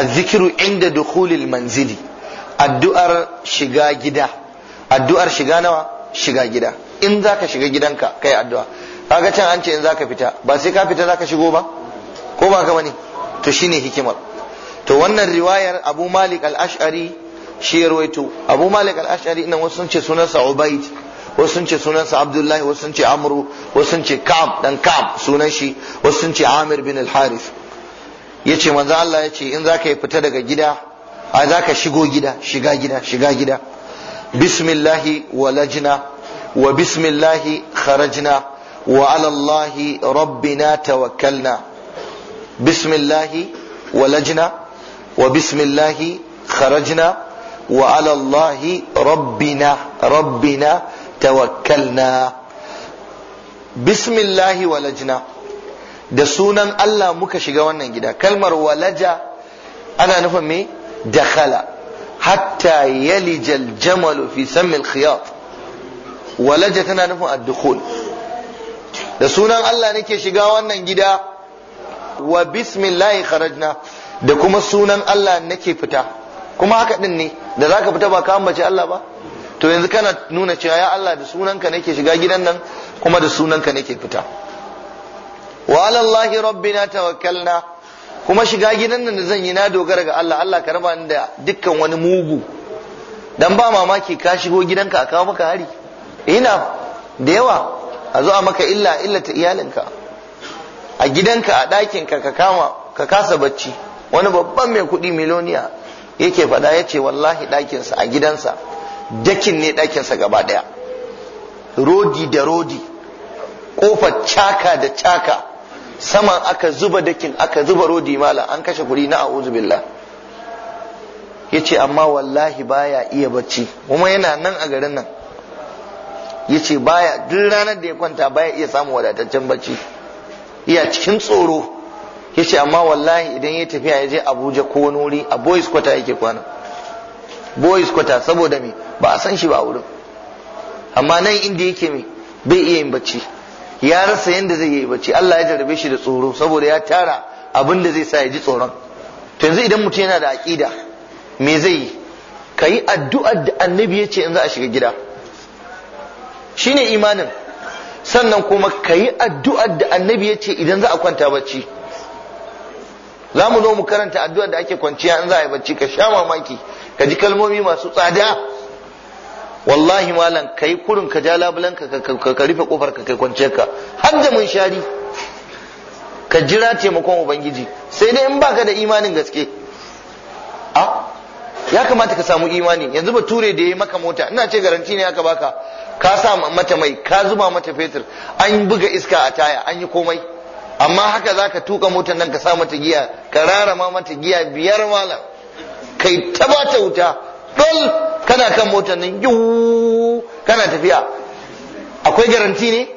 azzikiru inda dukhulil manzili addu'ar shiga gida addu'ar shiga nawa shiga gida in zaka shiga gidanka kai addu'a kaga can an ce in zaka fita ba sai ka fita zaka shigo ba ko ba ka bane to shine hikimar to wannan riwayar Abu Malik al-Ash'ari shi ya Abu Malik al-Ash'ari ina wasu sun ce sunansa Ubayd wasu sun ce sunansa Abdullahi wasu sun ce Amru wasu sun ce Ka'ab dan Ka'ab sunan shi wasu sun ce Amir bin al-Harith ya ce manzo Allah ya ce in za ka yi fita daga gida a za ka shigo gida shiga gida shiga gida bismillahi wa lajina wa bismillahi kharajna wa alallahi rabbina tawakkalna bismillahi wa walajna wa bismillahi kharajna wa alallahi rabbina rabbina tawakkalna bismillahi wa walajna da sunan Allah muka shiga wannan gida kalmar walaja ana nufin me dakhala hatta yalija al-jamal fi sammi al-khiyat walaja tana nufin ad da sunan Allah nake shiga wannan gida wa bismillahi kharajna da kuma sunan Allah nake fita kuma haka din ne da zaka fita ba ka ambace Allah ba to yanzu kana nuna cewa ya Allah da sunanka nake shiga gidan nan kuma da sunanka nake fita wa rabbi na rabbina tawakkalna kuma shiga gidan nan da zan yi na dogara ga Allah Allah ka raba ni da dukkan wani mugu dan ba mamaki ka shigo gidanka a kawo maka hari ina da yawa a zo a maka illa illa ta iyalinka a gidanka a dakin ka kama ka kasa bacci wani babban mai kuɗi miloniya yake faɗa ya ce wallahi ɗakinsa a gidansa dakin ne ɗakinsa gaba ɗaya rodi da rodi kofar caka da caka saman aka zuba dakin aka zuba rodi mala an kashe kuri na a'udhu billah yace amma wallahi baya iya bacci kuma yana nan a garin nan yace baya duk ranar da ya kwanta baya iya samun wadataccen bacci iya cikin tsoro yace amma wallahi idan ya tafiya ya je Abuja ko wani wuri a boys quarter yake kwana boys quarter saboda me ba a san shi ba wurin amma nan inda yake me bai iya yin bacci ya rasa yadda zai yi bacci Allah ya jarabe shi da tsoro saboda ya tara abin da zai sa ya ji tsoron to yanzu idan mutum yana da aƙida me zai yi ka yi addu'ar da annabi ya ce in za a shiga gida shine imanin sannan kuma ka yi addu'ar da annabi ya ce idan za a kwanta bacci za mu zo mu karanta addu'ar da ake kwanciya in za a yi bacci ka sha mamaki ka ji kalmomi masu tsada wallahi malam kai kurin ka ja labulan ka rufe kofar ka kai kwance ka har da mun shari ka jira taimakon ubangiji sai dai in baka da imanin gaske a ya kamata ka samu imani yanzu ba ture da ya maka mota ina ce garanti ne aka baka ka sa mata mai ka zuba mata fetur an buga iska a taya an yi komai amma haka zaka tuka motar nan ka sa mata giya ka rarama mata giya biyar malam kai ta bata wuta dol kana kan motar nan yuhu kana tafiya akwai garanti ne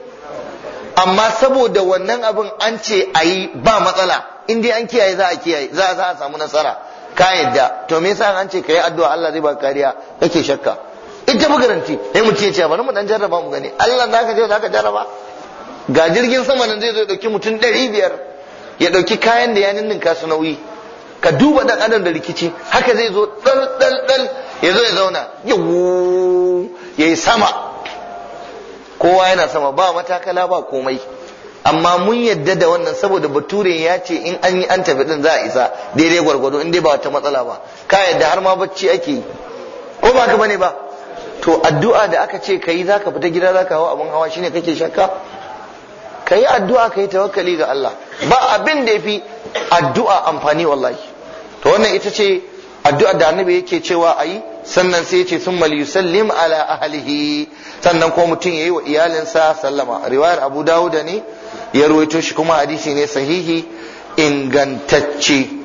amma saboda wannan abin an ce a ba matsala in dai an kiyaye za a kiyaye za a samu nasara ka yadda to me yasa an ce ka yi addu'a Allah zai baka kariya kake shakka ita ba garanti sai mu ce ce bari mu dan jarraba mu gani Allah zaka je zaka jarraba ga jirgin sama nan zai zo dauki mutum 500 ya dauki kayan da ya ninninka su nauyi ka duba dan adam da rikici haka zai zo dal dal ya zo ya zauna yawu ya yi sama kowa yana sama ba matakala ba komai amma mun yadda da wannan saboda bature ya ce in an yi an tafi din za a isa daidai gwargwado in dai ba wata matsala ba ka yadda har ma bacci ake yi ko ba ka bane ba to addu'a da aka ce za ka fita gida za ka hawa abin hawa shine kake shakka yi addu'a ka yi tawakali ga Allah ba abin da ya fi addu'a amfani wallahi to wannan ita ce addu'a da annabi yake cewa ayi sannan sai ce sun yusallim ala ahlihi sannan ko mutum ya yi wa iyalinsa sallama riwayar abu dawuda ne ya ruwaito shi kuma hadisi ne sahihi ingantacce